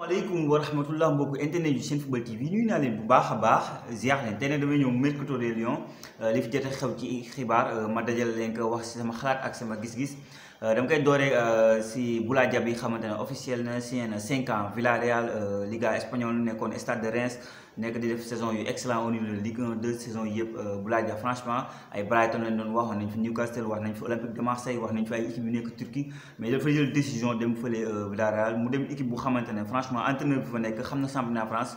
maaleykum wa rahmatullah mbokk internet yu seen football TV ñuy naa leen bu baax a baax ziar leen tey nag damay ñëw mercato des Lions euh, li fi jot a xew ci xibaar euh, ma dajal leen ko wax si sama xalaat ak sama gis-gis euh, dama koy dooree si Boula Dia bi xamante ne officiel na signé na cinq ans Villarreal Liga espagnole nekkoon Stade de Reims nekk di def saison yu excellent au niveau de Ligue 1 deux saisons yi yëpp euh, bu laaj franchement ay Brighton lañ doon waxoon nañ fi Newcastle wax nañ fi Olympique de Marseille wax nañ fi ay équipe yu nekk Turquie mais dafa jël décision dem fële euh, Villarreal mu dem équipe bu xamante ne franchement entraîneur bi fa nekk xam na championnat France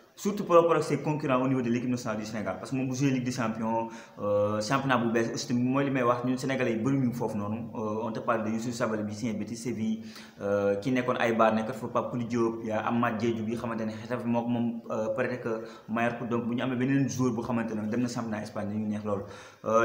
surtout par rapport ak ses concurrents au niveau de l'équipe nationale du Sénégal parce que mon bu joué Ligue des Champions euh, championnat bu bees aussi tamit mooy li may wax ñun Sénégalais yi bëri ñu non noonu euh, on te parle de Youssouf Sabaly bi signé Betis Séville euh, ki nekkoon ay baar nekkat faut pas pour Diop yaa Amath Diédhiou bi xamante ne xetaf moo moom peut-être que mayor ko donc bu ñu amee beneen joueur bu xamante ne dem championnat Espagne dañu neex loolu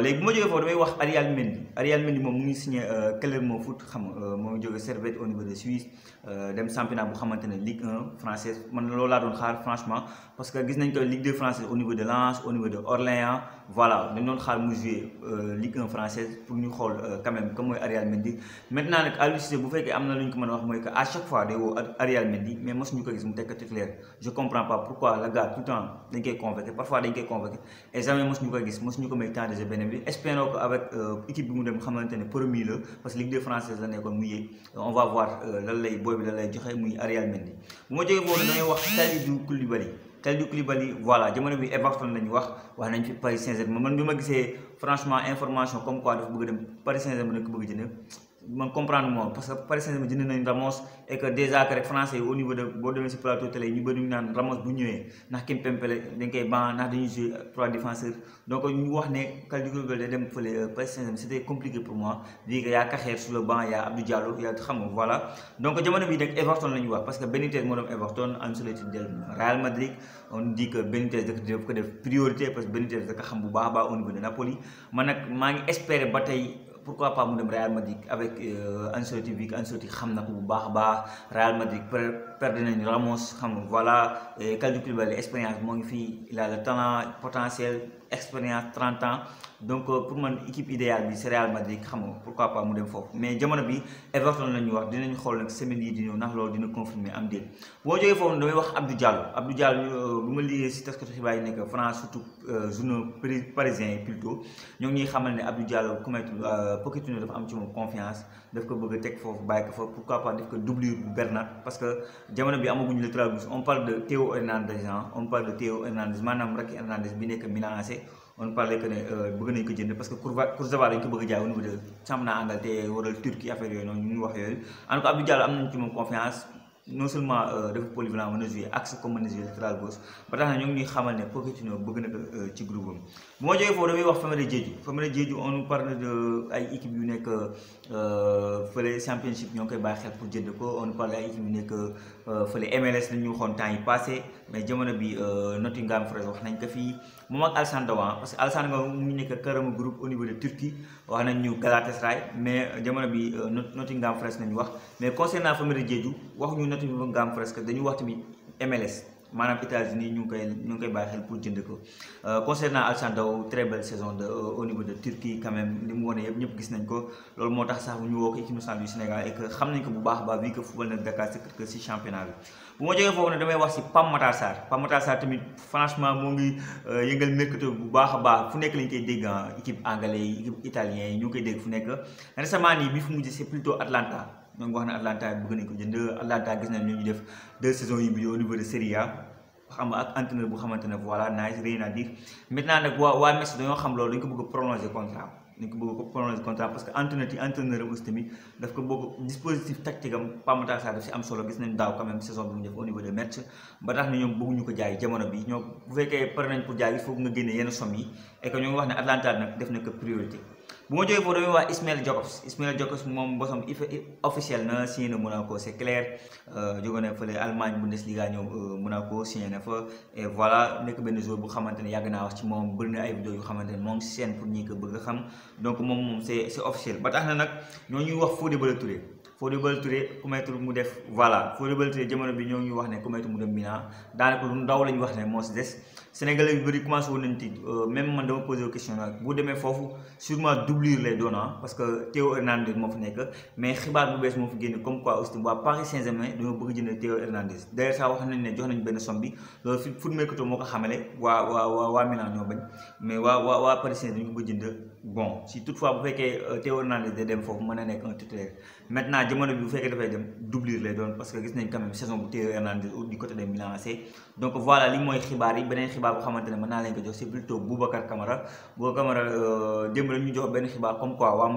léegi bu ma jógee foofu damay wax Ariel Mendy Ariel Mendy moom mu ngi signé Clermont Foot xam moo ngi Servette au niveau de Suisse dem championnat bu xamante Ligue 1 française man loolu laa doon xaar franchement parce que gis nañ ko Ligue 2 française au niveau de Lens au niveau de Orléans voilà dañ doon xaar mu jouer euh, Ligue 1 française pour ñu xool euh, quand même comme mooy Arial Mendy maintenant nag Aliou Cissé bu fekkee am na lu ko mën a wax mooy que à chaque fois day woo Arial Mendy mais mosuñu ko gis mu tekk titulaire je comprends pas pourquoi le gars tout le temps dañ koy convoqué parfois dañ koy convoqué et jamais mosuñu ko gis mosuñu ko may temps de jeu beneen bi espérons que avec euh, équipe bi mu dem xamante ne premier la parce que Ligue 2 française la nekkoon mu yee on va voir lan lay boy bi lan lay joxe muy Arial Mendy bu ma jógee boobu damay wax Kalidou Koulibaly Kalidou Koulibaly voilà jamono bi Everton lañu wax wax nañ fi Paris Saint-Germain man bi ma gisee franchement information comme quoi dafa bëgg dem Paris Saint-Germain nag ko bëgg jënd man comprendre moi parce que Paris Saint-Germain jënd nañ Ramos et que déjà que rek français au niveau de boo demee si plateau télé ñu bëri ñu naan Ramos bu nak ndax pempelé dañ koy ban nak dañu jouer trois défenseurs donc ñu wax né Kalidou day dem feulé Paris Saint-Germain c'était compliqué pour moi di que y a Cahier sur le banc y a Abdou Diallo y a xam nga voilà donc jamono bi nag Everton lañu wax parce que Benitez mo doon Everton Ancelotti del Real Madrid on dit que Benitez daf ko def priorité parce que Benitez da ko xam bu baax ba au niveau de Napoli man nak ma ngi espérer ba pourquoi pas mon Real Madrid avec euh, Ancelotti bi Ancelotti xam na ko bu baax baax Real Madrid perdre une Ramos xam nga voilà plus Koulibaly expérience moo ngi il a le talent potentiel expérience 30 ans donc euh, pour mon équipe idéale bi c'est Real Madrid xam pourquoi pas mu dem mais jamono bi Everton lañu wax dinañ xol nak semaine yi di ñëw nak loolu dina confirmer am déet bo jógee foofu damay wax Abdou Diallo Abdou Diallo euh, buma lié ci si taskatu nek France surtout euh, journaux parisien plutôt ñoo ñi xamal ne Abdou Diallo ku metti Pochettino dafa am ci mom confiance daf ko bëgg a teg foofu ko fa pourquoi pas def ko doublure bu Bernat parce que jamono bi amaguñu le trabus on parle de Théo Hernandez hein. on parle de Théo Hernandez manam Raky Hernandez bi nek Milan AC passé on parlait que ne euh, bëgg nañ ko jënd parce que Kurzawa lañ ko bëgg a jaay au niveau de championnat anglais te waral Turquie affaire yooyu noonu ñu wax yooyu en tout cas am nañ ci moom confiance non seulement euh, dafa polyvalent mën a jouer comme mën a jouer latéral gauche ba tax na ñoo ngi ñuy xamal ne Pochettino bëgg na ko euh, ci groupe am bu ma jógee foofu damay wax Famara Diédhiou Famara Diédhiou on parle de ay équipe yu nekk euh, fële championship ñoo koy bàyyi xel pour jënd ko on parle ay équipe yu nekk fële MLS la ñu waxoon mais jamono bi Nottingham Forest wax nañ ko fii moom ak Alassane Dawan ah, parce que Alassane Dawan mu ngi nekk këramu groupe au niveau de Turquie wax mais jamono bi Nottingham Forest nañu wax noté bi nga euh, de euh, au niveau de Turquie quand même li mu wane yëpp ñëpp gis nañ ko loolu moo tax sax bu ñu woo ko équipe nationale du Sénégal et que xam nañ ko bu baax a baax bii que football na Dakar que si championnat bi. a ah, anglais yi italien ñu koy dégg fu nekk récemment nii bi fu mujj c'est plutôt Atlanta. ñoo ngi wax ne Atalanta bëgg nañ ko jënd Atalanta gis nañ ñu def deux saisons yu mujj au niveau de Serie A xam nga ak entraîneur bu xamante ne voilà nice rien à nag waa waa Metz dañoo xam loolu dañ ko bëgg a prolonger contrat dañ ko bëgg ko prolonger contrat parce que entraîneur yi entraîneur tamit daf ko bëgg dispositif tactique am daf si am solo gis nañ daaw quand même saison bi mu def au de Metz ba tax na ñoom bëgguñu ko jaay jamono bi ñoo bu fekkee pare nañ pour jaay il faut nga génne yenn somme yi et que ñoo bu ma jógee foofu damay wax Ismail Jacobs Ismail Jacobs moom bosom officiel na signé na Monaco c' est clair euh, jóge na fële Allemagne Bundesliga ñëw euh, Monaco signé na fa et voilà nekk benn joueur bu xamante ne yàgg naa wax ci moom bëri na ay vidéo yu xamante ne moom seen pour ñi ko a xam donc moom moom c' ba tax na nag ñoo ñuy wax Fodé Ballo-Touré Fodé Ballo-Touré ku maytul mu def voilà Fodé Ballo-Touré jamono bi ñoo ñuy wax ne ku maytul mu dem Milan daanaka ndaw la ñu wax ne moo si des sénégalais yu bëri commencé woon nañu tiit euh, même man dama la question nag bu demee foofu sûrement doubler les doon ah, parce que Théo Hernandez m'a fa mais xibaar bu vous moo fi comme quoi aussi waa Paris Saint-Germain dañoo bëgg jënd Théo Hernandez d'ailleurs ça wax nañ une jox nañ benn le bi loolu fi foot mercato moo ko xamale Milan ñoo bañ mais waa waa waa Paris Saint-Germain dañu bëgg jënd bon si toutefois bu que euh, Théo Hernandez day dem foofu mën na un titulaire maintenant jamono bi bu fekkee dafay dem doublure les doon parce que gis nañ quand même saison bu Théo Hernandez du côté de Milan AC donc voilà li mooy xibaar yi beneen xibaar boo xamante ne mën naa leen ko jox c'est plutôt Boubacar Camara Boubacar Camara euh, démb la ñu jox benn xibaar comme quoi waa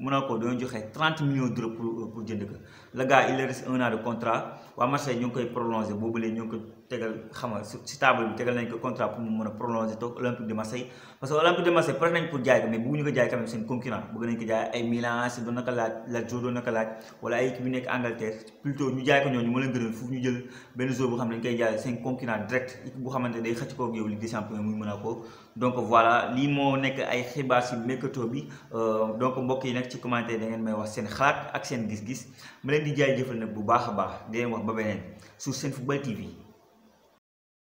Monaco doon joxe 30 millions d'euros pour euh, pour jënd ko le gars il reste un an de contrat wa Marseille ñu ngi koy prolongé boobu léegi ñu ngi ko tegal xam nga table bi tégal nañ ko contrat pour mu mën a prolongé Olympique de Marseille parce que Olympique de Marseille pare nañ pour jaay ko mais ñu ko jaay quand même seen concurrent bëgg nañ ko jaay ay Milan si doon naka laaj la jo doon naka laaj wala ay équipe nekk Angleterre plutôt ñu jaay ko ñoo moo leen gënal foofu ñu jël benn joueur bu xam ne dañ koy jaay seen concurrent direct bu xamante day xëcc ak yow Ligue des champions muy Monaco donc voilà lii moo nekk ay xibaar si mercato bi euh, donc mbokk yi nag ci commentaire da ngeen may wax seen xalaat ak seen gis-gis ma leen di jaay jëfal nag bu baax a baax di wax ba beneen sur Senfootball TV